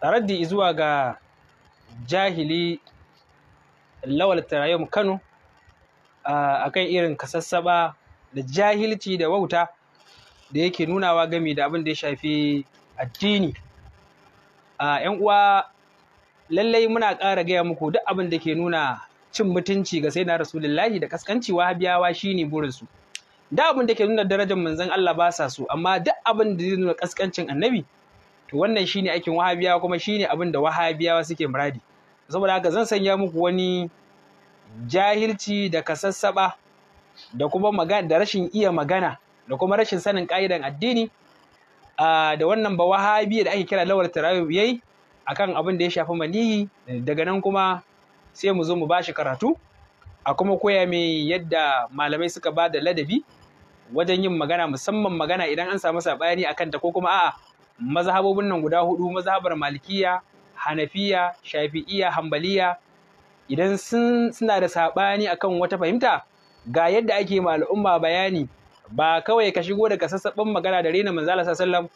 taraddi zuwa ga jahili lawal tarayum kano a kan irin kasassaba da jahilci da wauta da yake nunawa gami da abin da ya shafi addini yan uwa lallai muna ƙara gaya muku duk abin da ke nuna cin mutunci ga sai na rasulullahi da kaskanci wahabiyawa shine burinsu da abin da ke nuna darajar manzon Allah ba sa so amma duk abin da zai nuna kaskancin annabi to wannan shine aikin wahabiyawa kuma shine abin da wahabiyawa suke muradi saboda haka zan sanya muku wani jahilci da kasassaba da kuma magana da rashin iya magana da kuma rashin sanin ka'idan addini da wannan ba wahabi da ake kira lawar tarawih yayi akan abin da ya shafi maniyi daga nan kuma sai mu zo mu bashi karatu a kuma koya mai yadda malamai suka ba da ladabi wajen yin magana musamman magana idan an samu saɓani akan ta ko kuma a'a mazhabobin nan guda hudu mazhabar malikiya hanafiya shafi'iya hambaliya idan sun suna da saɓani akan wata fahimta ga yadda ake ma al'umma bayani ba kawai ka shigo daga sassaɓin magana da rena manzala sallam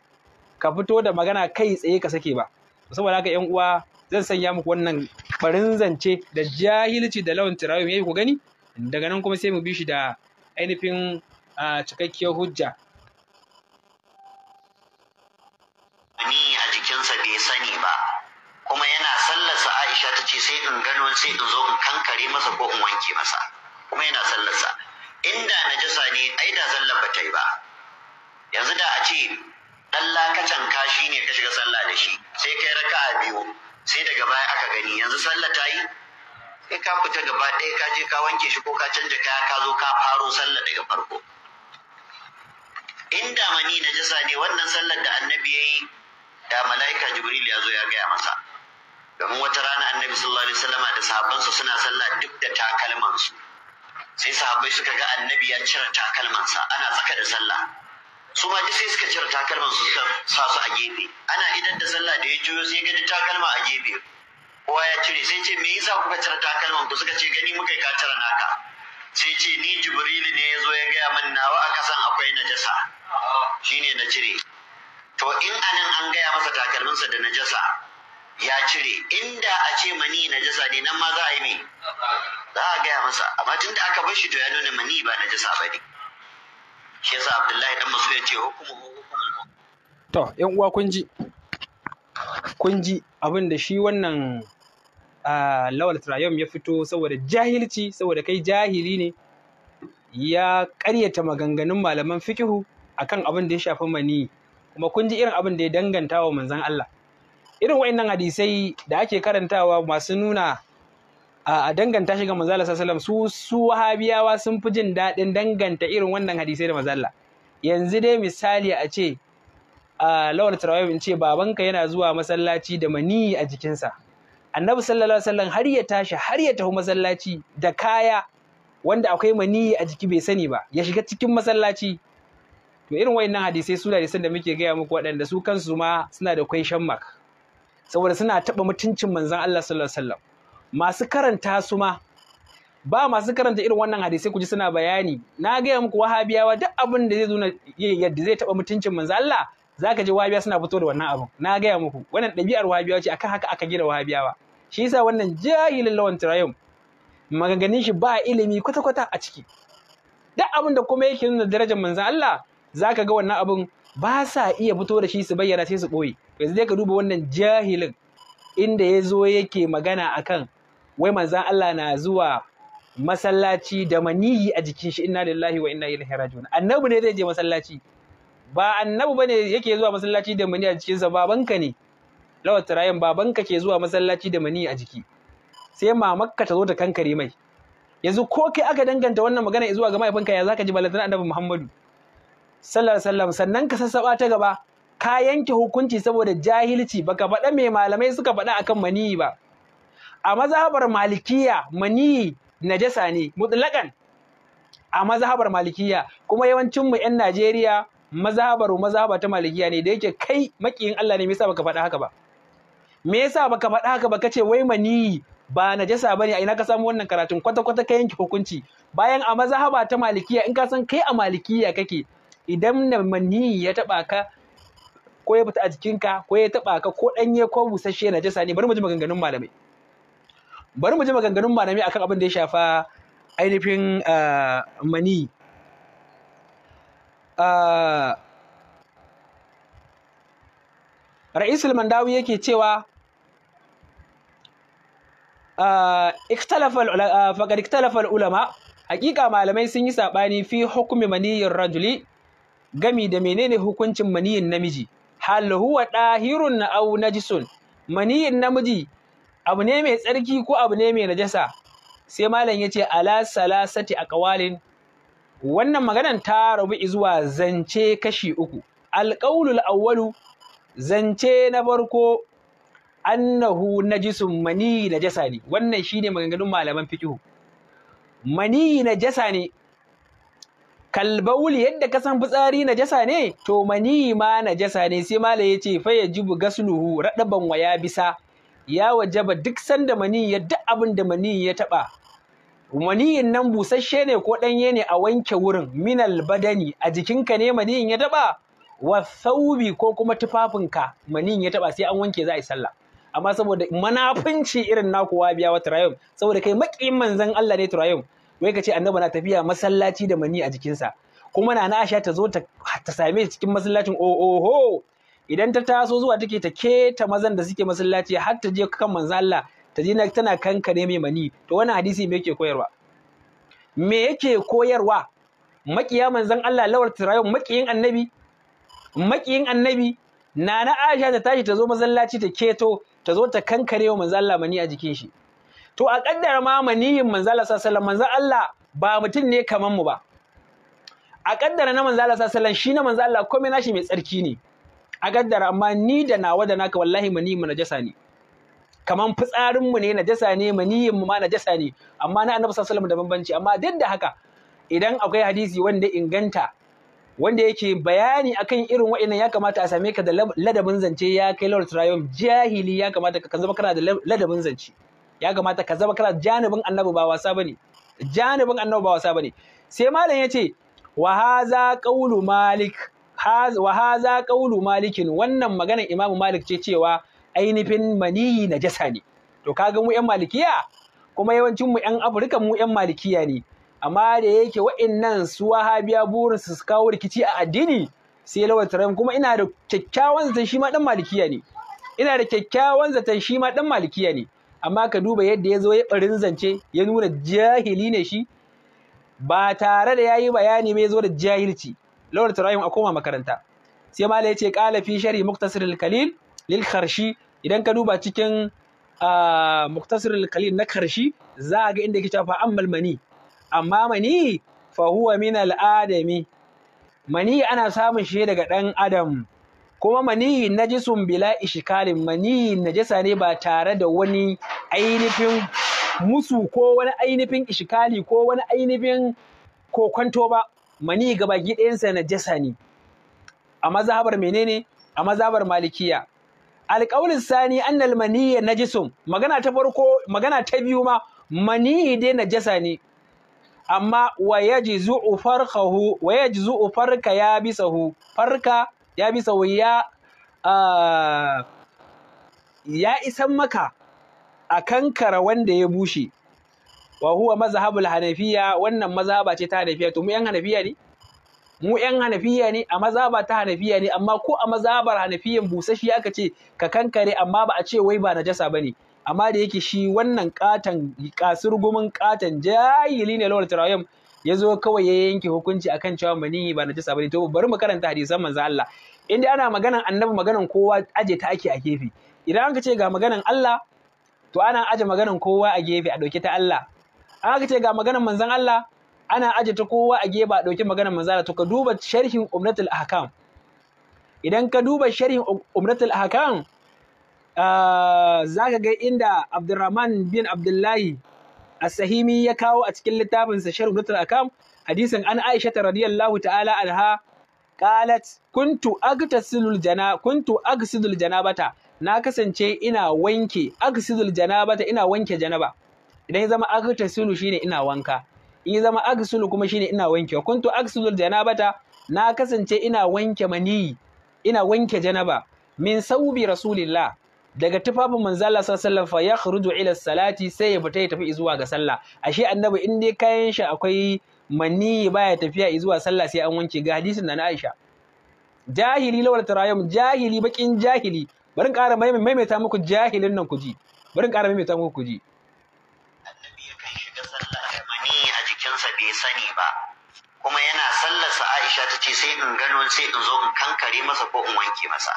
ka fito da magana kai tsaye ka sake ba saboda haka yan uwa zan sanya muku wannan barin zance da jahilci da lawan ya yayi ku gani daga nan kuma sai mu bi shi da ainihin ah, cikakkiyar hujja sai in gano sai in zo in kankare masa ko in wanke masa kuma yana sallarsa inda na najasa ne ai da sallar ba ta yi ba yanzu da a ce dan lakacin kashi ne ka shiga sallah da shi sai kai raka'a biyu sai daga baya aka gani yanzu sallah ta yi sai ka fita gaba ɗaya ka je ka wanke shi ko ka canja kaya ka zo ka faro sallah daga farko in da mani na jasa ne wannan sallar da annabi ya da mala'ika jibril ya zo ya gaya masa domin wata rana annabi sallallahu alaihi wasallama da sahabbansa suna sallah duk da takalmansu sai sahabbai suka ga annabi ya cire takalmansa ana tsaka da sallah su ma duk sai suka cire takalmansu suka sa su a gefe ana idan da sallah da ya juyo sai ga takalma a gefe kowa ya cire sai ce me yasa kuka cire takalman ku suka ce gani muka ka cire naka sai ce ni jibrilu ne ya zo ya gaya min nawa a kasan akwai najasa shine na cire to in anan an gaya masa takalminsa da najasa ya cire inda a ce mani na jasa ne nan ma za a yi mai, za a gaya masa amma tun da aka bar shi to ya nuna mani ba na jasa ba ne shi yasa abdullahi dan masu ya ce hukumu hukumul to yan uwa kun ji kun ji abin da shi wannan lawal trayom ya fito saboda jahilci saboda kai jahili ne ya ƙaryata maganganun malaman fikihu akan abin da ya shafi mani kuma kun ji irin abin da ya danganta wa manzon Allah irin wa'annan hadisai da ake karantawa masu nuna a danganta shi ga manzala sallam su su wahabiyawa sun fi jin daɗin danganta irin wannan hadisai da manzala yanzu dai misali a ce a lawar tarawih in ce babanka yana zuwa masallaci da mani a jikinsa annabi sallallahu alaihi wasallam har ya tashi har ya tafi masallaci da kaya wanda akwai mani a jiki bai sani ba ya shiga cikin masallaci to irin wannan hadisai su da da muke gaya muku waɗanda su kansu ma suna da kwai shammak saboda suna taɓa mutuncin manzon Allah sallallahu alaihi wasallam masu karanta su ma ba masu karanta irin wannan hadisi ku ji suna bayani na gaya muku wahabiyawa duk abin da zai zo yadda zai taɓa mutuncin manzan Allah zaka ji wahabiyawa suna fito da wannan abin na gaya muku wannan ɗabi'ar wahabiyawa ce akan haka aka gina wahabiyawa shi yasa wannan jahilin lawan tirayum maganganin shi ba ilimi kwata-kwata a ciki duk abin da kuma yake nuna darajar manzan Allah zaka ga wannan abin ba sa iya fito da shi su bayyana sai su ɓoye yanzu dai ka duba wannan jahilin inda ya zo yake magana akan wai manzan Allah na zuwa masallaci da maniyi a jikin shi inna lillahi wa inna ilaihi raji'un annabi ne zai je masallaci ba annabi bane yake zuwa masallaci da maniyi a jikin jikinsa babanka ne lawat tarayin babanka ke zuwa masallaci da maniyi a jiki sai mamakka ta zo ta kankare mai yanzu ko kai aka danganta wannan magana zuwa ga mahaifinka ya zaka ji balantana annabi Muhammadu Sallar alaihi sannan ka sassaba ta gaba ka yanke hukunci saboda jahilci baka faɗa mai malamai suka faɗa akan maniyi ba a mazhabar malikiya maniyi najasa ne mutlaqan a mazhabar malikiya kuma yawancin mu yan Najeriya mazhabar mazhaba ta malikiya ne da yake kai makiyin Allah ne me yasa baka faɗa haka ba me yasa baka faɗa haka ba kace wai maniyi ba najasa bane a ina ka samu wannan karatun kwata kwata ka yanke hukunci bayan a mazhaba ta malikiya in ka san kai a malikiya kake idan na maniyyi ya taɓa ka ko ya fita a jikinka ko ya taɓa ka ko ɗanye ko busasshe na jasa ne bari mu ji maganganun malamai bari mu ji maganganun malamai akan abin da ya shafa ainihin ah, mani ah, Ra'isu mandawi yake cewa faƙar ah, iktalafar ulama hakika malamai sun yi saɓani fi hukumi maniyin rajuli gami da menene hukuncin maniyin namiji hal huwa dahirun aw najisun maniyin namiji abu ne mai tsarki ko abu ne mai najasa sai malam yace ala salasati aqwalin wannan maganan ta rabu zuwa zance kashi uku alqaulul awwalu zance na farko annahu najisun mani najasa ne wannan shine maganganun malaman fiqh mani najasa ne kalbauli yadda ka san fitsari na jasa ne to mani ma na jasa ne sai mala ya ce fa jibu gasluhu raɗaban waya bisa ya wajaba duk sanda mani ya duk abin da mani ya taba maniyin nan busasshe ne ko ɗanye ne a wanke wurin minal badani a jikinka ne maniyin ya taɓa? wa saubi ko kuma tufafinka maniyin ya taɓa, sai an wanke za a yi sallah amma saboda manafinci irin naku biya wa turayum saboda kai maƙiyin manzon Allah ne turayum wai ka ce annabi na tafiya masallaci da mani a jikinsa kuma na Aisha ta zo ta same shi cikin masallacin oho idan ta taso zuwa take ta keta mazan da suke masallaci har ta je kan manzo Allah ta je tana kankare mai mani to wannan hadisi me yake koyarwa me yake koyarwa makiya manzon Allah lawar tirayon makiyin annabi makiyin annabi nana Aisha ta tashi ta zo masallaci ta keto ta zo ta kankare wa manzo Allah mani a jikin shi to a kaddara ma maniyin manzala sallallahu manzan Allah ba mutum ne kaman mu ba a kaddara na manzala sallallahu shi na manzan Allah komai nashi mai tsarki ne a kaddara amma ni da nawa da naka wallahi maniyin mu najasa ne kaman fitsarin mu ne najasa ne maniyin mu ma najasa ne amma na annabi sallallahu da bambanci amma duk da haka idan akwai hadisi wanda inganta wanda yake bayani akan irin wa'annan ya kamata a same ka da ladabin zance ya kai lawal jahili ya kamata ka zama kana da ladabin zance ya kamata ka zama kana janibin annabi ba wasa bane janibin annabi ba wasa bane sai malam yace wa haza qawlu malik wa haza qawlu malikin wannan maganar imamu malik ce cewa mani na najasa ne to kaga mu yan malikiya kuma yawancin mu yan afrika mu yan malikiya ne amma da yake wa'annan su wahabiya burin su kawo rikici a addini sai lawataran kuma ina da kyakkyawan zaton shi ma dan malikiya ne ina da kyakkyawan zaton shi ma dan malikiya ne amma ka duba yadda ya zo ya ɓarin zance ya nuna jahili ne shi ba tare da ya yi bayani mai zo da jahilci lawar turayin a koma makaranta sai ma ya ce ƙala fi shari muktasir kalil lil karshi idan ka duba cikin muktasir kalil na karshi za a ga inda ke cewa ammal mani amma mani fa huwa min al'adami mani ana samun shi daga ɗan adam kuma maniyi najisun bila ishikalin maniyi najasa ne ba tare da wani ainihin musu ko wani ainihin ishikali ko wani ainihin kokonto ba Mani gidansa ɗayansa najasa ne a mazhabar menene a mazhabar malikiya alƙawlin sani annal maniyya najisun magana ta farko magana ta biyu ma maniyi dai najasa ne amma wa zu'u farkahu wa farka ya bisahu farka ya bisa ya ah, ya isan maka a kankara wanda ya bushe wa huwa mazhabul hanafiya wannan mazhaba ce ta hanafiya to mu yan hanafiya ne mu yan hanafiya ne a mazhaba ta hanafiya ne amma ko a mazhabar hanafiyan busashi aka ce ka kankare amma ba a ce wai ba najasa bane amma da yake shi wannan katan kasurgumin katan jahili ne lawal tarawiyam ya zo kawai ya yanke hukunci akan cewa maniyi ba na najasa bane to bari mu karanta hadisan manzo Allah Inda ana maganan annabi maganan kowa aje ta ake a gefe idan aka ce ga maganan Allah to ana aje maganan kowa a gefe a dauke ta Allah an aka ce ga maganan manzon Allah ana aje ta kowa a gefe a dauki maganan manzo Allah to ka duba sharhin umratul ahkam idan ka duba sharhin umratul ahkam ah, zaka ga inda Abdurrahman bin Abdullahi as-sahimi ya kawo a cikin littafinsa sharhudatul akam hadisin an aisha ta radiyallahu ta'ala anha qalat kuntu agtasilul jana kuntu agsilul janabata na kasance ina wanke agsilul janabata ina wanke janaba idan ya zama agtasilu shine ina wanka in ya zama agsulu kuma shine ina wanke kuntu agsilul janabata na kasance ina wanke maniyi ina wanke janaba min saubi rasulillah daga tufafin manzo Allah sallallahu alaihi fa yakhruju ila salati sai ya fita ya tafi zuwa ga sallah ashe annabi in dai kayan shi akwai manni baya tafiya zuwa sallah sai an wanke ga hadisin na Aisha jahili lawal tarayum jahili bakin jahili bari in ƙara maimaita muku jahilin nan kuji bari in ƙara maimaita muku kuji annabi yakan shiga sallah mani a jikinsa bai sani ba kuma yana sallarsa Aisha ta ce sai in gano sai in zo in kankare masa ko in wanke masa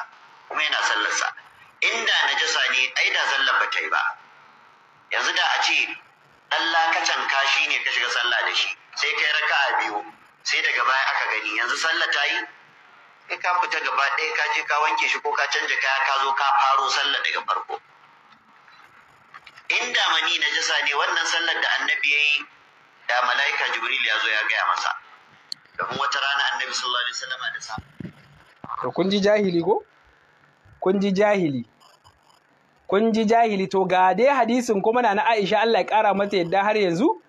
kuma yana sallarsa inda na najasa ne ai da zallan ba ta yi ba yanzu da a ce ka lakacin shi ne ka shiga sallah da shi sai kai a biyu sai daga baya aka gani yanzu sallah ta yi kai ka fita gaba ɗaya ka je ka wanke shi ko ka canja kaya ka zo ka faro sallah daga farko inda mani najasa ne wannan sallar da annabi ya yi da mala'ika jibril ya zo ya gaya masa domin wata rana annabi sallallahu alaihi wasallam da sa to kun ji jahili ko kun ji jahili kun ji jahili to ga dai hadisin kuma na Aisha Allah ya kara mata yadda har yanzu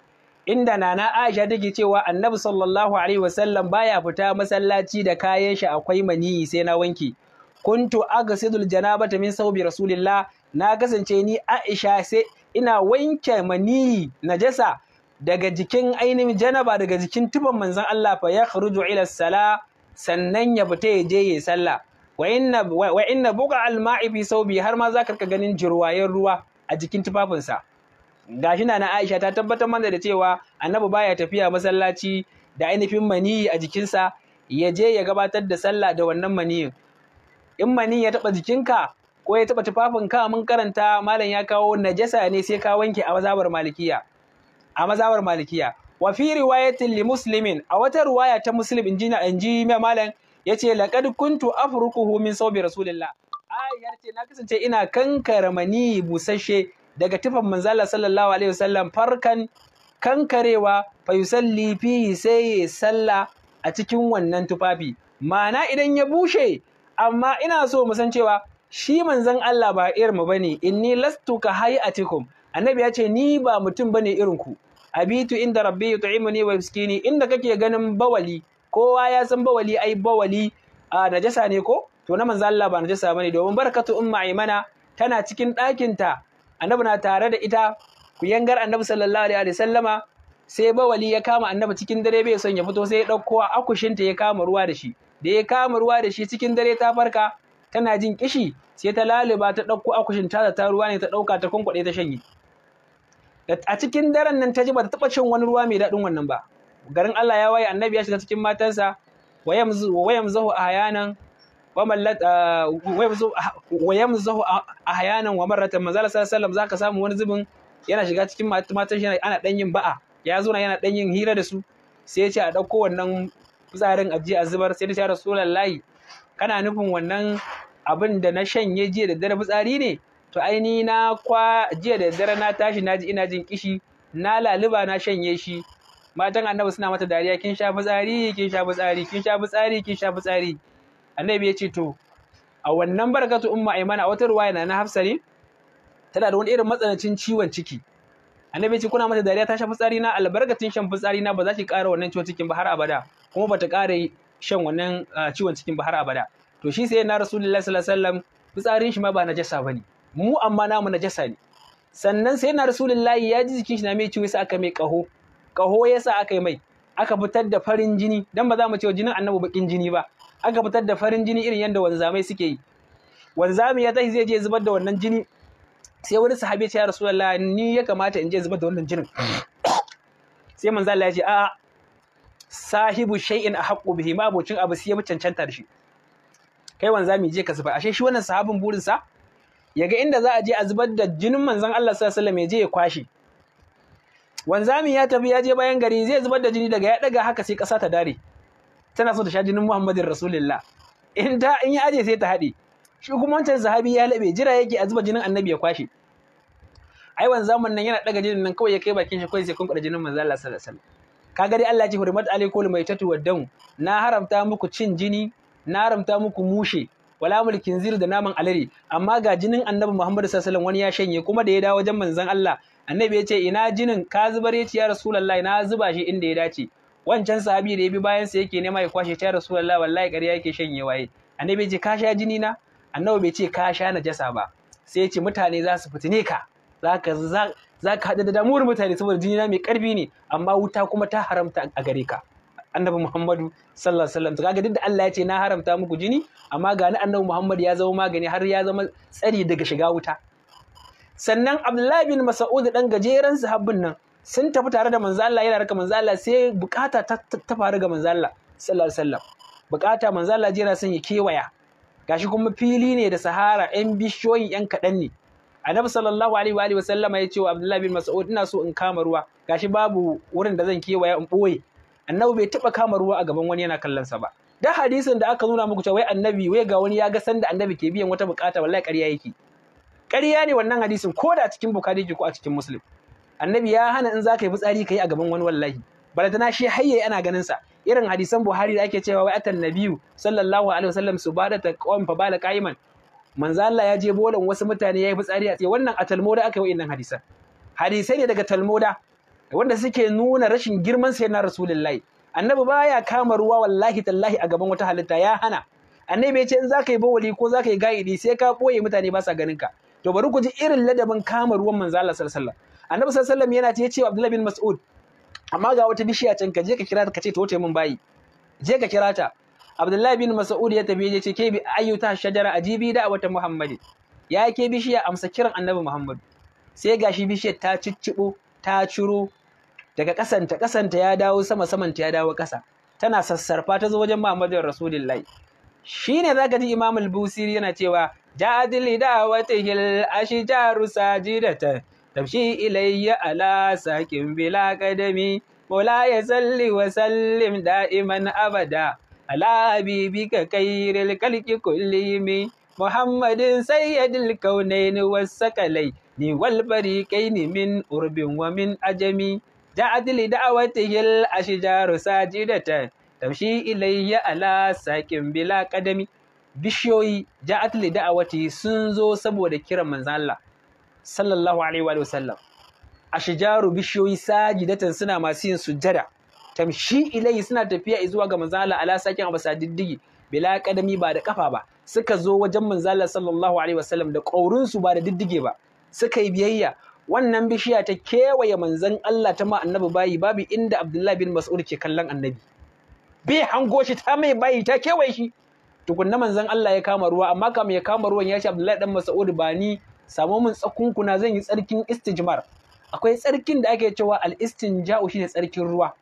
inda nana Aisha take cewa Annabi sallallahu alaihi wasallam baya fita masallaci da kayan shi akwai maniyi sai na wanke kuntu agsidul janabata min sawbi rasulillah na kasance ni Aisha sai ina wanke maniyi najasa daga jikin ainihin janaba daga jikin tuban manzon Allah fa ya kharuju ila sala sannan ya fita ya je ya sallah wa inna buga alma'i fi saubi har ma za ka ganin jirwayen ruwa a jikin tufafinsa gashi na na Aisha ta tabbatar mana da cewa annabi baya tafiya masallaci da ainihin maniyi a jikinsa ya je ya gabatar da sallah da wannan maniyin in mani ya taba jikinka ko ya taba tufafinka mun karanta malam ya kawo najasa ne sai ka wanke a mazabar malikiya a mazabar malikiya wa fi riwayatin li muslimin a wata riwaya ta muslim inji malam yace laqad kuntu afruquhu min sawbi rasulillah ayyar ce na kasance ina kankare mani busashe daga tufan manzala sallallahu alaihi wasallam farkan kankarewa fa yusalli fi sai salla a cikin wannan tufafi ma'ana idan ya bushe amma ina so mu san cewa shi manzon Allah ba irin mu bane inni lastu ka hayatikum annabi ya ce ni ba mutum bane irin ku abitu inda rabbi yut'imuni wa yuskini inda kake ganin bawali kowa ya san bawali ai bawali a najasa ne ko to na manzo Allah ba najasa bane domin barakatu umma imana tana cikin ɗakin ta annabi na tare da ita ku yangar annabi sallallahu alaihi wasallama sai bawali ya kama annabi cikin dare bai son ya fito sai ya ɗauko akushinta ya kama ruwa da shi da ya kama ruwa da shi cikin dare ta farka tana jin kishi sai ta laluba ta ɗauko akushin ta ta ruwa ne ta ɗauka ta kunkuɗe ta shanye a cikin daren nan ta ji ba ta taɓa cin wani ruwa mai daɗin wannan ba garin Allah ya waye annabi ya shiga cikin matansa wa yamzahu ahyanan wa mallat ah, wa yamzahu ahyanan wa marratan manzal sallallahu alaihi wasallam zaka samu wani zubin yana shiga cikin matan shi ana dan yin ba'a ya zo yana dan yin hira da su sai ya ce a dauko wannan fitsarin aji a zubar sai ta rasulullahi kana nufin wannan abin da na shanye jiya da dare fitsari ne to ni na kwa jiya da dare na tashi naji ina jin kishi na laluba na shanye shi matan annabi suna mata dariya kin sha fitsari kin sha fitsari kin sha fitsari kin sha fitsari annabi ya ce to a wannan barkatu umma aimana a wata ruwaya na hafsa ne tana da wani irin matsanancin ciwon ciki annabi ya ce kuna mata dariya ta sha fitsari na albarkatin shan fitsari na ba za ki ƙara wannan ciwon cikin ba har abada kuma ba ta ƙara shan wannan ciwon cikin ba har abada to shi sai na rasulullahi sallallahu alaihi wasallam fitsarin shi ma ba najasa bane mu amma namu najasa ne sannan sai na rasulullahi ya ji jikin shi na mai ciwo sai aka mai kaho ƙaho sa aka yi mai aka fitar da farin jini don ba za mu ce jinin annabu bakin jini ba aka fitar da farin jini irin yadda wanzamai suke yi wanzami ya tashi zai je zubar da wannan jini sai wani sahabi ya ce ya rasulullah ni ya kamata in je zubar da wannan jinin sai manzo Allah ya ce a sahibu shay'in ahqqu bihi ma abucin abu sai ya cancanta da shi kai wanzami je ka zubar ashe shi wannan sahabin burinsa ya ga inda za a je a zubar da jinin manzon Allah sallallahu alaihi wasallam ya je ya kwashi wanzami ya tafi ya je bayan gari zai zubar da jini daga ya daga haka sai kasa ta dare tana so ta sha jinin Muhammadin Rasulullah in ta in ya aje sai ta haɗe shi kuma wancan sahabi ya laɓe jira yake a zuba jinin annabi ya kwashe ai wanzamin nan yana daga jinin nan kawai ya kai bakin shi kawai sai kunkura jinin manzo Allah sallallahu alaihi wasallam ka gari Allah ya ce hurmat alaikum maitatu wad damu na haramta muku cin jini na haramta muku mushe wala mulkin zir da naman alade amma ga jinin annabi Muhammad sallallahu wani ya shanye kuma da ya dawo wajen manzon Allah annabi ya ce ina jinin ka zubar ya ce ya rasulullahi na zuba shi inda ya dace wancan sahabi da ya bi bayan sa yake nema ya kwashe ta rasulullahi wallahi ƙarya yake shanye waye annabi ya ce ka sha jini na annabi bai ce ka sha najasa ba sai ya ce mutane za su fitine ka zaka za ka da damuwar mutane saboda jini na mai karfi ne amma wuta kuma ta haramta a gare ka annabi Muhammadu sallallahu alaihi wasallam kaga duk da Allah ya ce na haramta muku jini amma ga ni annabi Muhammad ya zama magani har ya zama tsari daga shiga wuta sannan Abdullahi bin Mas'ud dan gajeran sahabbin nan sun tafi tare da manzo Allah yana raka manzo Allah sai bukata ta, faru ga manzo Allah sallallahu alaihi wasallam bukata manzo Allah jira son ya kewaya gashi kuma fili ne da sahara yan bishoyi yan kaɗan ne annabi sallallahu alaihi wa alihi ya ce wa abdullahi bin mas'ud ina so in kama ruwa gashi babu wurin da zan kewaya in ɓoye annabi bai taba kama ruwa a gaban wani yana kallon sa ba da hadisin da aka nuna muku cewa wai annabi wai ga wani ya ga san da annabi ke biyan wata bukata wallahi ƙarya yake ƙarya ne wannan hadisin ko da a cikin bukari ko a cikin muslim annabi ya hana in zaka yi fitsari kai a gaban wani wallahi na shi hayye ana ganin sa irin hadisan buhari da ake cewa wai atan nabiyu sallallahu alaihi wasallam ta qawm fa bala qaiman manzo Allah ya je bolan wasu mutane yayi fitsari a tsaye wannan a talmoda aka yi wa'annan hadisan hadisai ne daga talmoda wanda suke nuna rashin girman sayyidina rasulullahi annabi baya kama ruwa wallahi tallahi a gaban wata halitta ya hana annabi ya ce in zaka yi bawali ko zaka yi ga'idi sai ka boye mutane ba sa ganin ka to bari ku ji irin ladabin kama ruwan manzo Allah sallallahu alaihi wasallam annabi sallallahu alaihi wasallam yana ce ya bin Mas'ud amma ga wata bishiya can ka je ka kira ta ka ce ta wuce min bayi je ka kira ta abdullahi bin Mas'ud ya tafi ya ce ke bi ayyuta shajara ajibi da wata Muhammadu. ya ke bishiya amsa kiran annabi Muhammadu. sai gashi bishiyar ta ciccibo ta ciro daga ƙasanta ƙasanta ya dawo sama samanta ya dawo ƙasa. tana sassarfa ta zo wajen Muhammadu Rasulullahi shine zaka ji Imam al-Busiri yana cewa jadili dawatihi al-ashjaru sajidata tamshi ilayya ala sakin bila qadami مولاي صل وسلم دائما أبدا على حبيبك خير الخلق كلهم محمد سيد الكونين والثقلين ni wal kaini min urbin wa min ajami da li da'watihi al ashjaru sajidata tamshi ilayya ala Sakin, bila Kadami. bishiyoyi ja'at li da'wati sun zo saboda kiran manzo Allah sallallahu alaihi wa sallam ashjaru bishiyoyi sajidatan suna masu yin sujjada tamshi ilayya suna tafiya zuwa ga manzo Allah ala sakin abasa diddigi bila kadami ba da kafa ba suka zo wajen manzo Allah sallallahu alaihi sallam, da kaurin su ba da diddige ba suka yi biyayya wannan bishiya ta kewaye manzon Allah ta ma annabi bayi babu inda Abdullahi bin Mas'ud ke kallon annabi bai hango shi ta mai bayi ta kewaye shi tukunna manzon Allah ya kama ruwa amma kam ya kama ruwan ya ce Abdullahi dan Mas'ud ba ni samo min tsakunkuna zan yi tsarkin istijmar akwai tsarkin da ake cewa al-istinja'u shine tsarkin ruwa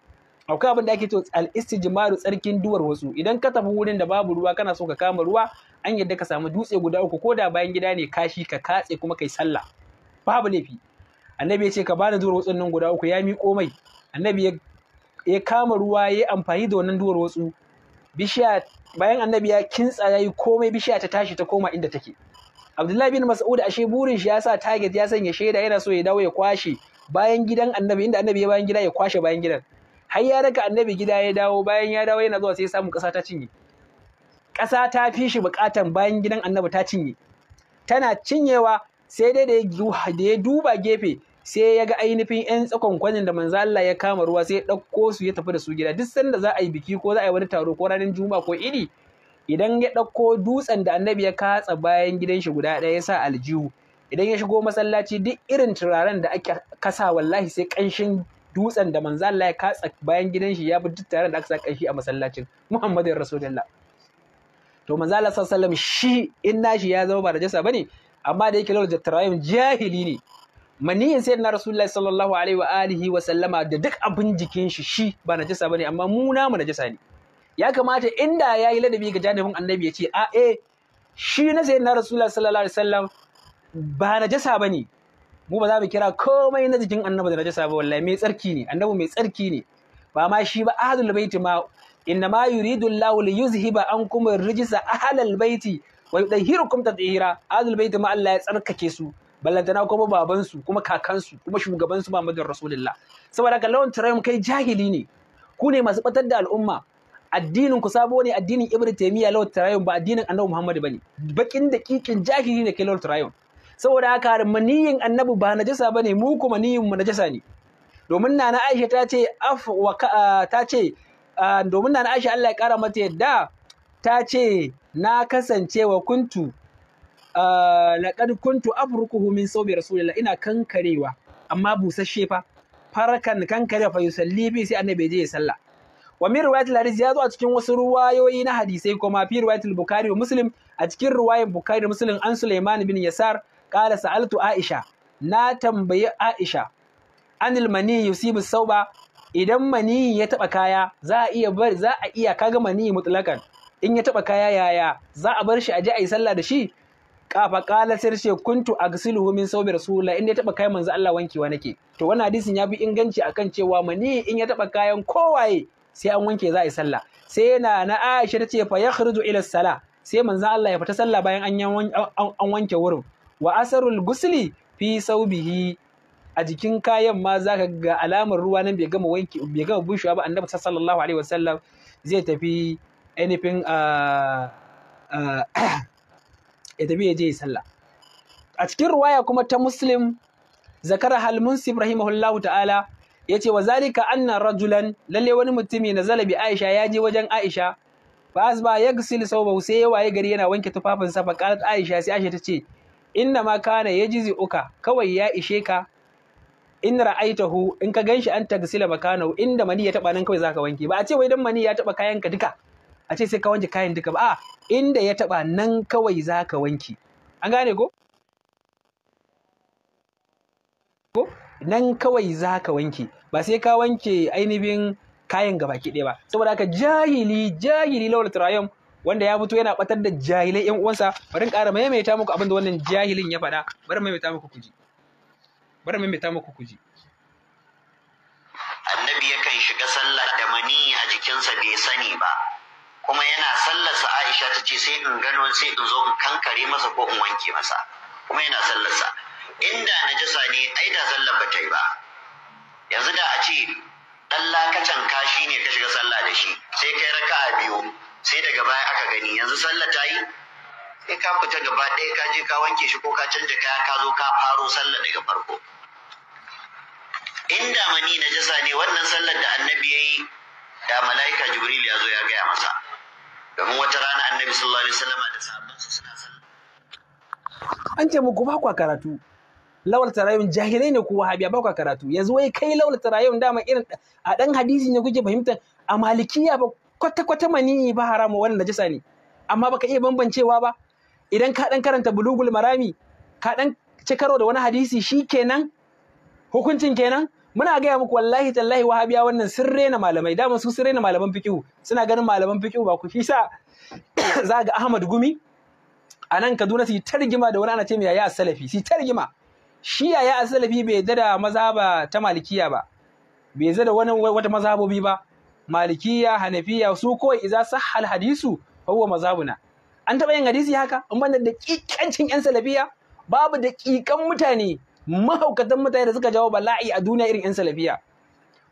akwai abin da ake cewa al-istijmaru tsarkin duwar wasu idan ka tafi wurin da babu ruwa kana so ka kama ruwa an yadda ka samu dutse guda uku ko da bayan gida ne kashi ka katse kuma kai sallah babu laifi annabi ya ce ka bani duwar wasu nan guda uku ya miƙo mai annabi ya kama ruwa ya amfani da wannan duwar wasu bishiya bayan annabi ya kintsa yayi komai bishiya ta tashi ta koma inda take Abdullahi bin Mas'ud ashe burin shi ya sa target ya sanya shaida yana so ya dawo ya kwashe bayan gidan annabi inda annabi ya bayan gida ya kwashe bayan gidan har ya raka annabi gida ya dawo bayan ya dawo yana zuwa sai ya samu ƙasa ta cinye ƙasa ta fi shi buƙatan bayan gidan annabi ta cinye tana cinyewa sai dai da ya duba gefe sai ya ga ainihin 'yan tsakon kwanin da manzo Allah ya kama ruwa sai ya ɗauko su ya tafi da su gida duk sanda za a yi biki ko za a yi wani taro ko ranar juma'a ko idi idan ya ɗauko dutsen da annabi ya katsa bayan gidan shi guda ɗaya ya sa aljihu idan ya shigo masallaci duk irin turaren da ake kasa wallahi sai ƙanshin dutsen da manzo Allah ya katsa bayan gidan shi ya bi duk tare da aka saka shi a masallacin Muhammadin Rasulullah to manzo Allah sallallahu alaihi shi in nashi ya zama ba da jasa bane amma da yake da jatrayim jahili ne maniyin sayyidina Rasulullah sallallahu alaihi wa alihi wa sallama da duk abin jikin shi shi ba na jasa bane amma mu namu na jasa ne ya kamata inda yayi ladabi ga janibin annabi ya ce a eh shi na sayyidina Rasulullah sallallahu alaihi wasallam ba na jasa bane mu ba za mu kira komai na jikin annabi da najasa ba wallahi mai tsarki ne annabi mai tsarki ne ba ma shi ba ahlul baiti ma inna ma yuridu llahu li yuzhiba ankum rijsa ahlul baiti wa yudahhirukum tadhira ahlul baiti ma Allah ya tsarkake su ballantana kuma baban su kuma kakan su kuma shugaban su Muhammadu Rasulullah saboda ka lawan tarayyum kai jahili ne ku ne masu batar da al'umma addinin ku sabo ne addinin Ibn Taymiyyah lawan tarayyum ba addinin Annabi Muhammad bane bakin da kikin jahili ne kai lawan tarayyum saboda haka maniyin annabi ba najasa bane mu kuma niyin mu najasa ne domin nana Aisha ta ce af wa ta ce domin nana Aisha Allah ya kara mata yadda ta ce na kasance wa kuntu laqad kuntu afruquhu min sawbi rasulillah ina kankarewa amma busasshe fa farakan kankare fa yusalli bi sai annabi je ya sallah wa min al-hadith ya zo a cikin wasu ruwayoyi na hadisai kuma fi al bukhari wa muslim a cikin riwayar bukhari da muslim an sulaiman bin yasar qala sa'altu aisha na tambayi aisha anil mani yusibu sauba idan mani ya taba kaya za iya kaga mani mutlakan in ya taba kaya yaya za a bar shi a ji a yi sallah da shi kafa kala sai ce kuntu agsiluhu min sawbi rasulullah in ya taba kayan manzo Allah wankewa nake to wannan hadisin ya bi inganci akan cewa mani in ya taba kayan kowaye sai an wanke za yi sallah sai yana na Aisha ce fa yakhruju ila sala sai manzo Allah ya fita sallah bayan an wanke wurin wa asarul gusli fi saubihi a jikin kayan ma za ka ga alamar ruwa nan bai gama wanki bai gama bushewa ba annabi sallallahu alaihi wasallam zai tafi anything ah, ah, ya tafi ya je sallah a cikin ruwaya kuma ta muslim zakara halmunsi rahimahullahu ta'ala ya ce wa zalika anna rajulan lalle wani mutumi na zalabi aisha ya je wajen aisha fa asba ya gisil ba sai ya waye gari yana wanke tufafinsa fa qalat aisha sai aisha ta ce inna ma kana yajzi uka kawai ya ishe ka in ra'aitahu in ka ganshi an tagsila makanahu inda mani ya taba nan kawai zaka wanke ba a ce wai dan mani ya taba kayan ka duka a ce sai ka wanke kayan duka ba a inda ya taba nan kawai zaka wanke an gane ko ko nan kawai zaka wanke ba sai ka wanke ainihin kayan gabaki ɗaya ba saboda haka jahili jahili lawal turayum wanda ya fito yana batar da jahilai yan uwansa bari ƙara maimaita muku abin da wannan jahilin ya faɗa bari maimaita muku kuji bari maimaita muku kuji annabi yakan shiga sallah da mani a jikinsa bai sani ba kuma yana sallasa Aisha ta ce sai in gano sai in zo in kankare masa ko in wanke masa kuma yana sa inda najasa ne ai da sallar ba ta yi ba yanzu da a ce dan lakacin kashi ne ka shiga sallah da shi sai kai raka'a biyu sai daga baya aka gani yanzu sallah ta yi sai ka fita gaba ɗaya ka je ka wanke shi ko ka canja kaya ka zo ka faro sallah daga farko inda mani na jasa ne wannan sallar da annabi ya yi da mala'ika jibril ya zo ya gaya masa domin wata rana annabi sallallahu alaihi wasallam da sahabbansa suna sallah an ce muku ba kwa karatu lawal tarayun jahilai ne kowa wahabiya ba kwa karatu yanzu wai kai lawal tarayun dama irin a dan hadisi ne kuke fahimta a malikiya ba kwata-kwata maniyi ba haramu wannan najasa ne amma baka iya bambancewa ba idan ka dan karanta bulugul marami ka dan ci karo da wani hadisi shi kenan hukuncin kenan muna gaya muku wallahi tallahi wahabiya wannan sun rena malamai dama su sun rena malaman fiqihu suna ganin malaman fiqihu ba ku shi sa za ga Ahmad Gumi a nan Kaduna su targima da wani ana ce mai yaya salafi su targima shi yaya salafi bai dada maza mazhaba ta malikiya ba bai zada wani wata mazhabobi ba malikiya hanafiya su kawai, iza su hal hadisu fa mazabuna an taɓa yin hadisi haka in ban da ƙiƙancin 'yan salafiya babu da ƙiƙan mutane mahaukatan mutane da suka jawo bala'i a duniya irin 'yan salafiya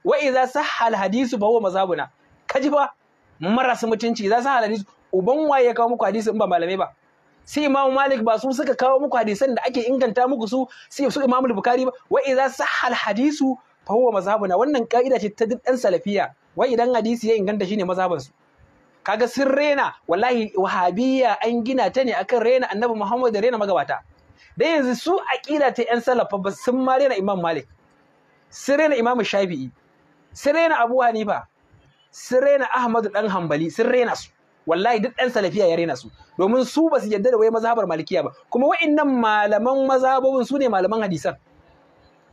wa su hal hadisu fa huwa Ka ji fa su mutunci su hal hadisu uban waye ya kawo muku hadisi in ba malamai ba sai imamu malik ba su suka kawo muku hadisan da ake inganta muku su sai su imamu bukari ba wa su hal hadisu fa mazabuna wannan ka'ida ce ta duk yan salafiya wai idan hadisi ya inganta shine mazhaban su kaga sun rena wallahi wahabiyya an gina ta ne akan rena annabi Muhammad da rena magabata dan yanzu su aqida ta yan salafa ba sun ma rena Imam Malik sun rena Imam Shafi'i sun rena Abu Hanifa sun rena Ahmadu dan Hanbali sun rena su wallahi duk ɗan salafiya ya rena su domin su ba su yarda da wai mazhabar malikiya ba kuma wa'annan malaman mazhabobin su ne malaman hadisan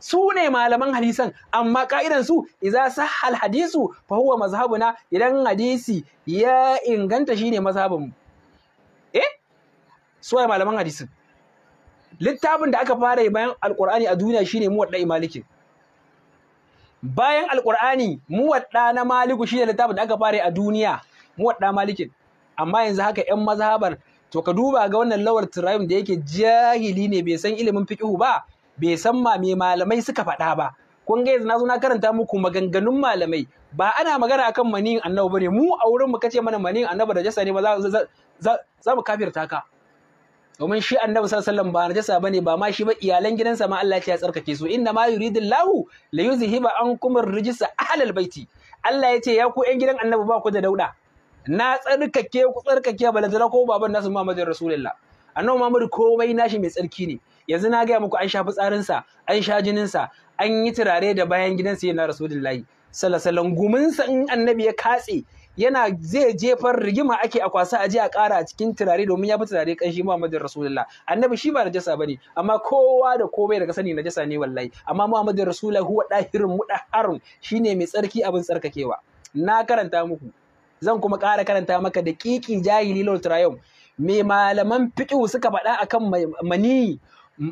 su ne malaman hadisan amma ka'idan su sa hal hadisu fa huwa mazhabuna idan hadisi ya inganta shine mazhabin eh su ne malaman hadisin littafin da aka fara bayan alqur'ani a duniya shine wadda imaliki bayan alqur'ani wadda na maliku shine littafin da aka fara a duniya Mu wadda malikin amma yanzu haka ƴan mazhabar to ka duba ga wannan lawar tirayim da yake jahili ne bai san ilimin fiqhu ba bai san ma me malamai suka faɗa ba kun ga yanzu na zo na karanta muku maganganun malamai ba ana magana akan maniyin annabi bane mu a wurin mu kace mana maniyin annabi da jasa ne ba za mu kafirta ka domin shi annabi sallallahu alaihi wasallam ba najasa bane ba ma shi ba iyalan gidansa ma Allah ya tsarkake su inna ma yuridullahu la yuzhiba ankum ar-rijsa ahlal baiti Allah ya ce ya ku yan gidan annabi ba ku da dauda na tsarkake ku tsarkake balantana ko baban nasu Muhammadu Rasulullah annabi Muhammadu komai nashi mai tsarki ne yanzu na gaya muku an sha fitsarinsa an sha jininsa an yi turare da bayan gidansa yana rasulullahi salasalan guminsa in annabi ya katse yana zai jefar rigima ake a kwasa aje a ƙara a cikin turare domin ya fi turare kanshi Muhammadu Rasulullah annabi shi ba najasa bane amma kowa da komai daga sani najasa ne wallahi amma Muhammadu Rasulullah huwa dahirun mudaharun shine mai tsarki abin tsarkakewa na karanta muku zan kuma ƙara karanta maka da kiki jahili lol me malaman fiqh suka faɗa akan mani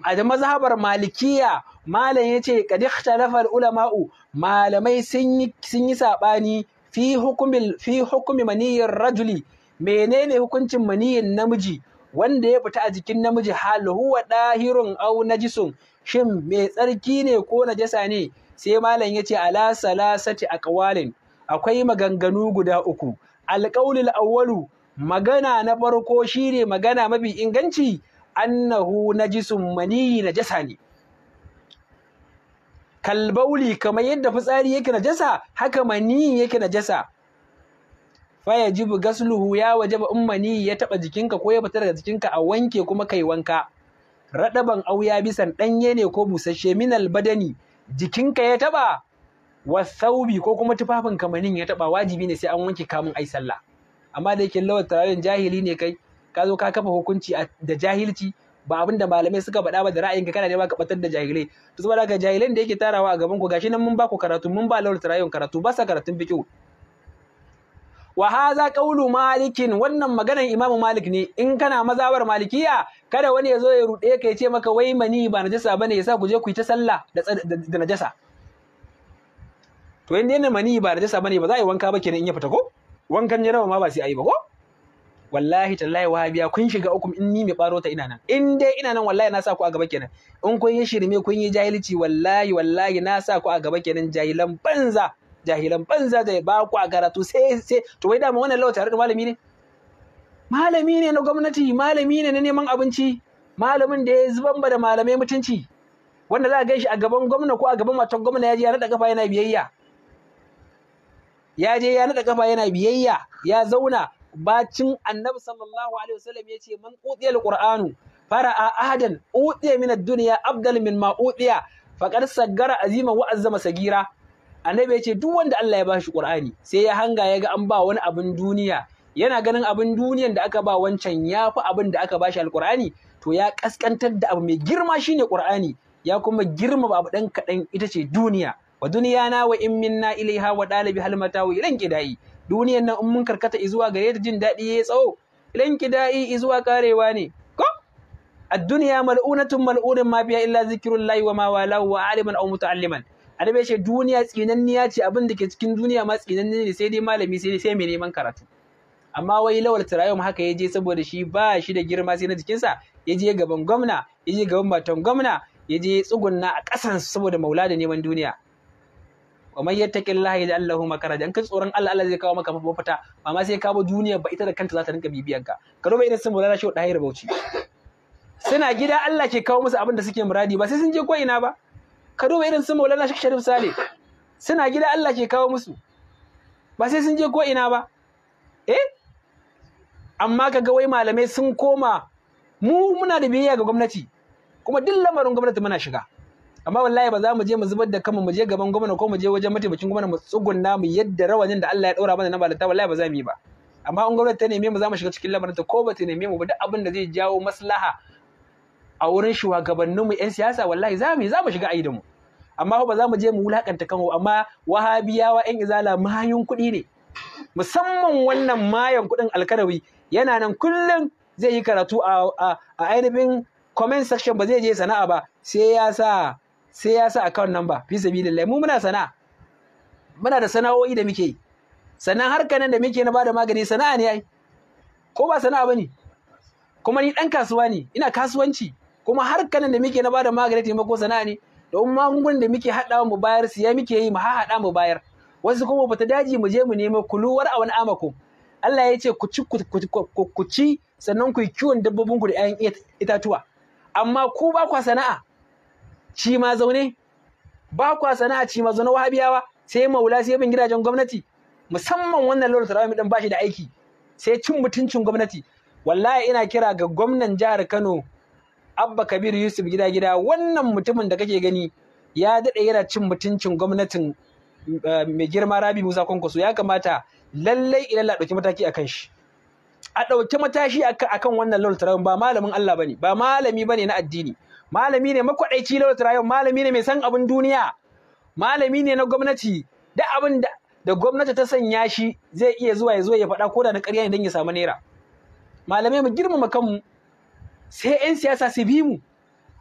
a mazhabar malikiya malam ya yace qad talafar ulama'u malamai sun yi sun yi fi hukumi maniyyar rajuli menene hukuncin maniyyar namiji wanda ya fita a jikin namiji hal huwa dahirun aw najisun shin mai tsarki ne ko najasa ne sai malam ya yace ala a ƙawalin, akwai maganganu guda uku alqaulul awwalu magana na farko shine magana mafi inganci annahu najisun maniyi najasa ne kalbauli kamar yadda fitsari yake najasa haka maniyi yake najasa fa yajibu gasluhu ya waje ba, in maniyi ya taba jikinka ko ya fita daga jikinka a wanke kuma kai wanka raɗaban auya bisan ɗanye ne ko busasshe minal albadani jikinka ya taɓa wasaubi ko kuma tufafin kamanin ya taɓa wajibi ne sai an wanke kamun ai sallah amma da yake lawar tarayyar jahili ne kai ka zo ka kafa hukunci da jahilci ba abin da malamai suka faɗa ba da ra'ayin ka kana ne ka batar da jahilai to saboda ka jahilan da yake tarawa a gaban ku gashi nan mun ba ku karatu mun ba lawal karatu ba sa karatun fiqh wa haza qawlu malikin wannan maganar imamu malik ne in kana mazawar malikiya kada wani ya zo ya rude ka ya ce maka wai mani ba najasa bane yasa ku je ku yi ta sallah da najasa to inda yana mani ba najasa bane ba za a yi wanka ba kenan in ya fita ko wankan jarawa ma ba sai a yi ba ko wallahi tallahi wahabiya kun shiga uku in ni mai baro ta ina nan in dai ina nan wallahi na sa ku a gaba kenan in kun yi shirme kun yi jahilci wallahi wallahi na sa ku a gaba kenan jahilan banza jahilan banza da ba ku a karatu sai sai to wai dama wannan lawa tare da malami ne malami ne na gwamnati malami ne na neman abinci malamin da ya zuban ba da malamai mutunci wanda za a gan shi a gaban gwamna ko a gaban matan gwamna ya je ya naɗa kafa yana biyayya ya je ya naɗa kafa yana biyayya ya zauna bacin annabi sallallahu alaihi wasallam ya ce man utiyal qur'anu fara'a ahadan utiya min ad-dunya afdal min ma utiya faqad saggara azima wa azama sagira annabi ya ce duk wanda Allah ya bashi qur'ani sai ya hanga ya ga an ba wani abin duniya yana ganin abin duniyan da aka ba wancan ya fi abin da aka bashi alqur'ani to ya kaskantar da abu mai girma shine qur'ani ya kuma girma abu dan kadan ita ce duniya wa duniya na wa in minna ilaiha wa dalibi halmata wa ilan kidai Duniyar nan in mun karkata izuwa gare ta jin daɗi yi tsawo ilan kida'i izuwa karewa ne ko A duniya, mal'unatun mal'unun ma biya illa layi wa ma walahu wa aliman aw muta'alliman adabe ce duniya tsinanniya ce abin da ke cikin duniya ma tsinanni ne sai dai malami sai sai mai neman karatu amma wai lawal ma haka ya je saboda shi ba shi da girma sai na jikinsa ya je gaban gwamna ya je gaban matan gwamna ya je tsugunna a ƙasan saboda maula da neman duniya wa man yattaqillaha da lahu makaraja in kai tsoron Allah Allah zai kawo maka mafita ba ma sai ka ba duniya ba ita da kanta za ta rinka bibiyan ka ka duba irin sun murana shi dahir bauchi suna gida Allah ke kawo musu abin da suke muradi ba sai sun je ko ina ba ka duba irin sun mulana shi Sharif Sale suna gida Allah ke kawo musu ba sai sun je ko ina ba eh amma kaga wai malamai sun koma mu muna da biyayya ga gwamnati kuma duk lamarin gwamnati muna shiga amma wallahi ba za mu je mu zubar da kanmu mu je gaban gwamna ko mu je wajen mataimakin gwamna mu tsugunna mu yadda rawanin da Allah ya daura mana na balanta wallahi ba za mu yi ba amma in gwamnati ta neme mu za mu shiga cikin lamarin ta ko ba ta neme mu ba duk abin da zai jawo maslaha a wurin shugabannin mu yan siyasa wallahi za mu yi, za mu shiga aidin mu amma ba za mu je mu wulakanta kanmu amma wahabiyawa yan izala mayun kuɗi ne musamman wannan mayan kuɗin alkarawi yana nan kullum zai yi karatu a ainihin comment section ba zai je sana'a ba sai ya sa sai ya sa account number fi sabilillah mu muna sana muna da sana'o'i da muke sannan harkar nan da muke na bada magani sana'a ne ai ko ba sana'a bane kuma ni dan kasuwa ne ina kasuwanci kuma harkanan nan da muke na bada magani taimako sana'a ne don magungunan da muke haɗawa mu bayar su ya muke yi mu haɗa mu bayar wasu kuma ta daji mu je mu nemo kuluwar a wani amako Allah ya ce ku ci sannan ku yi kiwon dabbobinku da 'ya'yan itatuwa amma ku ba kwa sana'a ci ma zaune ba kwa sana'a ci ma zaune wahabiyawa sai maula sai bin gidajen gwamnati musamman wannan lawal tarawih dan bashi da aiki sai cin mutuncin gwamnati wallahi ina kira ga gwamnan jihar Kano Abba Kabir Yusuf gida gida wannan mutumin da kake gani ya daɗe yana cin mutuncin gwamnatin eh, mai girma Rabi Musa Kwankwaso ya kamata lallai ilalla dauki mataki akan shi a ɗauki matashi akan wannan lord tarawa ba malamin Allah bane ba malami bane na addini malami ne makwadaici wata rayuwa malami ne mai san abin duniya malami ne na gwamnati da abin da gwamnati ta sanya shi zai iya zuwa ya zo ya faɗa ko da na ƙarya ne don ya samu naira malamai mu girmama kanmu sai 'yan siyasa su bi mu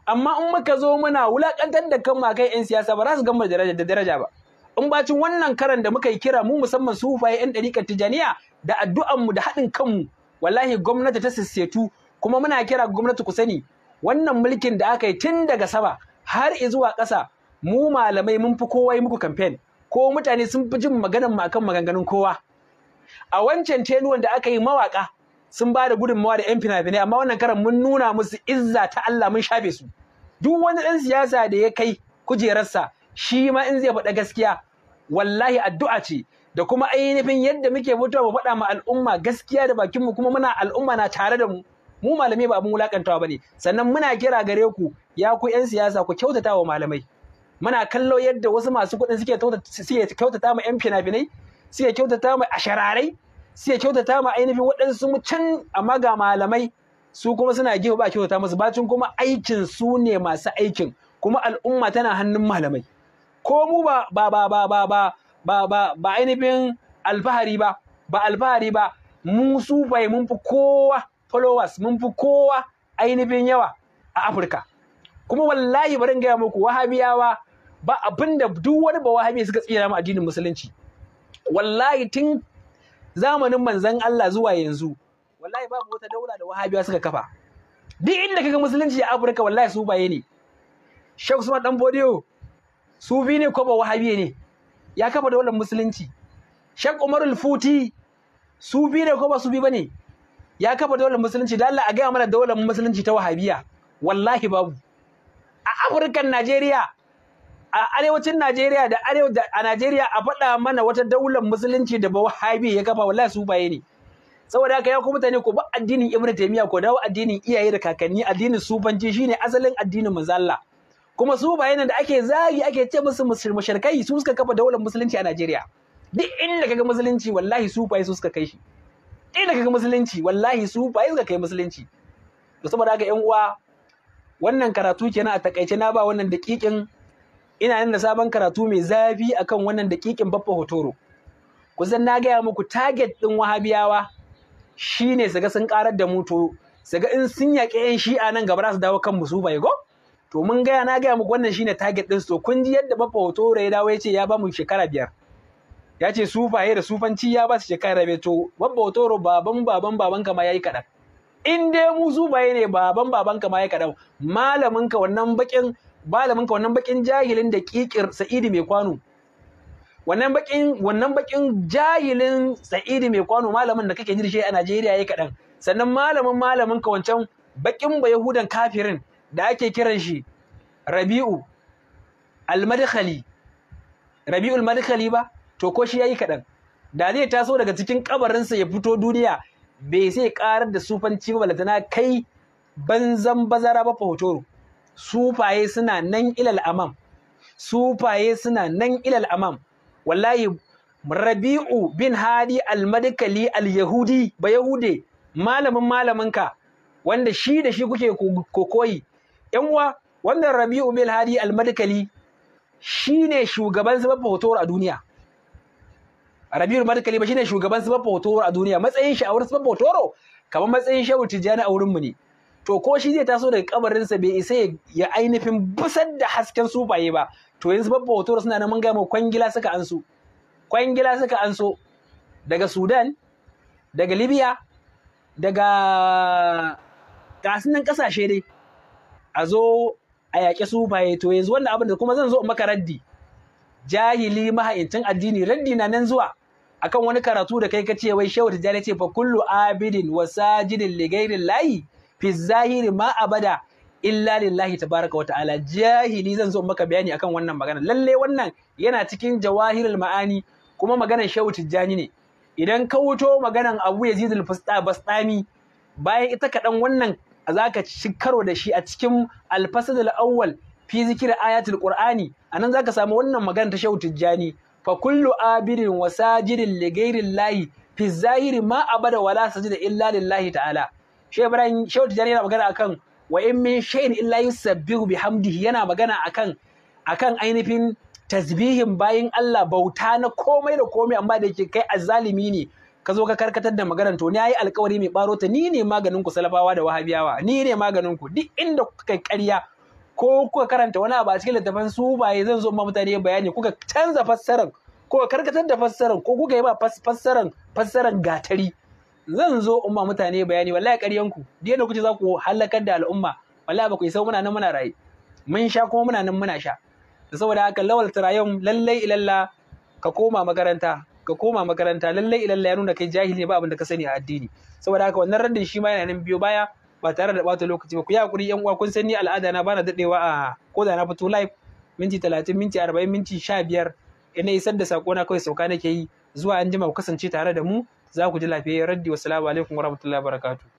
amma in muka zo muna wulakantar da kan 'yan siyasa ba za su gama da daraja ba in bacin wannan karan da muka yi kira mu musamman su fa 'yan ɗariƙar tijaniya da addu'an mu da haɗin kanmu wallahi gwamnati ta sissetu kuma muna kira gwamnati ku sani wannan mulkin da aka yi tun daga sama har zuwa ƙasa mu malamai mun fi kowa yi muku kamfen ko mutane sun fi jin maganar mu akan maganganun kowa a wancan tenuwan da aka yi mawaka sun ba da gudunmawa da 'yan fina-finai amma wannan karan mun nuna musu izza ta Allah mun shafe su duk wani ɗan siyasa da ya kai kujerarsa shi ma in zai faɗa gaskiya wallahi addu'a ce da kuma ainihin yadda muke mutuwa mu faɗa ma al'umma gaskiya da bakinmu kuma muna al'umma na tare da mu mu malamai ba abin wulakantawa ne, sannan muna kira gare ku ya ku yan siyasa ku kyautata wa malamai muna kallo yadda wasu masu kuɗin suke kyautata ma yan fina-finai suke kyautata ma asharare suke kyautata ma ainihin waɗansu mu can amma ga malamai su kuma suna gefe ba kyautata musu bacin kuma aikin su ne masu aikin kuma al'umma tana hannun malamai ko mu ba ba ba ba ba ba ba ba ba ainihin alfahari ba ba alfahari ba mu su bai mun fi kowa followers mun fi kowa ainihin yawa a Afirka kuma wallahi bari gaya muku wahabiyawa ba abin da duk wani ba wahabi suka tsira mu addinin musulunci wallahi tun zamanin manzon Allah zuwa yanzu wallahi babu wata daula da wahabiya suka kafa duk inda kaga musulunci a Afirka wallahi su baye ne Sheikh Usman Dan Bodiyo su bi ne ko ba wahabi ne ya kafa daular musulunci Sheikh Umar futi su bi ne ko ba su bi bane ya kafa daular musulunci da Allah a gaya mana daular musulunci ta wahabiya wallahi babu a afirkan najeriya a arewacin najeriya da a najeriya a faɗa mana wata daular musulunci da ba wahabi ya kafa wallahi su baye ne saboda haka ya ku mutane ku ba addinin ibnu taymiya ko dawo addinin iyaye da kakanni addinin sufanci shine asalin addinin manzo kuma su bayanan da ake zagi ake ce musu masharkai su suka kafa daular musulunci a najeriya duk inda kaga musulunci wallahi su baye su suka kai shi ƙila ka musulunci wallahi su ba suka kai musulunci to saboda haka ƴan uwa wannan karatu kenan a takaice na ba wannan daƙiƙin ina nan da sabon karatu mai zafi akan wannan dakikin baffa hotoro kusan na gaya muku target ɗin wahabiyawa shine su ga sun karar da mutu. Saga in sun yaƙi 'yan shi'a nan gaba za su dawo kan musu bai go to mun gaya na gaya muku wannan shine target ɗin su kun ji yadda baffa hotoro ya dawo ya ce ya ba mu shekara biyar ya ce sufaye da sufanci ya ba su shekara mai to babba otoro baban baban baban kama yi kadan in dai mu sufaye ne baban baban kama ya kadan malamin ka wannan bakin malamin ka wannan bakin jahilin da kikir sa'idi mai kwano wannan bakin wannan bakin jahilin sa'idi mai kwano malamin da kake jirshe a Najeriya yi kadan sannan malamin malamin ka wancan bakin bayahudan kafirin da ake kiran shi Rabi'u al-Madkhali Rabi'ul Madkhali ba to ko shi yayi kaɗan da zai taso daga cikin kabarinsa ya fito duniya bai sai karar da sufanci ba balatana kai banzan bazara ba fahotoro sufaye suna nan ilal amam sufaye suna nan ilal amam wallahi rabi'u bin hadi almadkali alyahudi ba yahude malamin malaminka wanda shi da shi kuke kokoyi yan uwa wannan rabi'u bin hadi almadkali shine shugaban sabab fahotoro a duniya Rabiul Madkali ba shine shugaban Sibab Hotoro a duniya matsayin shi a wurin Hotoro kamar matsayin Shehu Tijjani a wurin mu ne to ko shi zai taso daga kabarin sa bai isa ya ainihin busar da hasken sufaye ba to yanzu Sibab Hotoro suna nan mun ga mu kwangila suka ansu kwangila suka ansu daga Sudan daga Libya daga gasunan kasashe dai a zo a yaƙi sufaye to yanzu wannan abin da kuma zan zo in maka raddi jahili maha'incin addini raddi na nan zuwa akan wani karatu da kai ce wai shehu tijjani ce fa kullu abidin wa sajidin li lahi fi zahiri ma abada illa lillahi tabaraka wa ta'ala jahili zan zo maka bayani akan wannan magana lalle wannan yana cikin jawahirul ma'ani kuma maganar shehu tijjani ne idan ka wuto maganar abu yazid al-fusta bastami bayan ita kaɗan wannan zaka ci karo da shi a cikin al al-awwal fi zikir ayatul qur'ani anan zaka samu wannan magana ta shehu tijjani fa kullu abirin wa sajidin Legairin, ghairillahi fi zahiri ma abada wala sajida illa lillahi ta'ala shi ibrahim shehu yana magana akan wa in min shay'in illa bi hamdi yana magana akan akan ainihin tasbihin bayan Allah bauta na komai da komai amma da yake kai azzalimi ne ka zo ka karkatar da maganar to ni yi alkawari mai baro ta ni ne maganin ku salafawa da wahabiyawa ni ne maganin ku duk inda kuka kai ƙarya ko kuka karanta wani abu a cikin littafin sufaye zan zo ma mutane bayani kuka canza fassarar ko karkatar da fassarar ko kuka yi ba fassarar fassarar gatari zan zo umma mutane bayani wallahi ƙaryan ku da yadda kuce za ku halakar da al'umma wallahi ba ku isa muna nan muna raye mun sha kuma muna nan muna sha saboda haka lawal tarayon lallai ilalla ka koma makaranta ka koma makaranta lallai ilalla ya nuna kai jahili ba abin da ka sani a addini saboda haka wannan raddin shi ma yana nan biyo baya ba tare da bata lokaci ba ku yi hakuri yan uwa kun san ni al'ada na bana dadewa a ko da na fito live minti 30 minti 40 minti 15 ina isar da sako na kawai sauka nake yi zuwa anjima ku kasance tare da mu za ku ji lafiya raddi wassalamu alaikum warahmatullahi wabarakatuh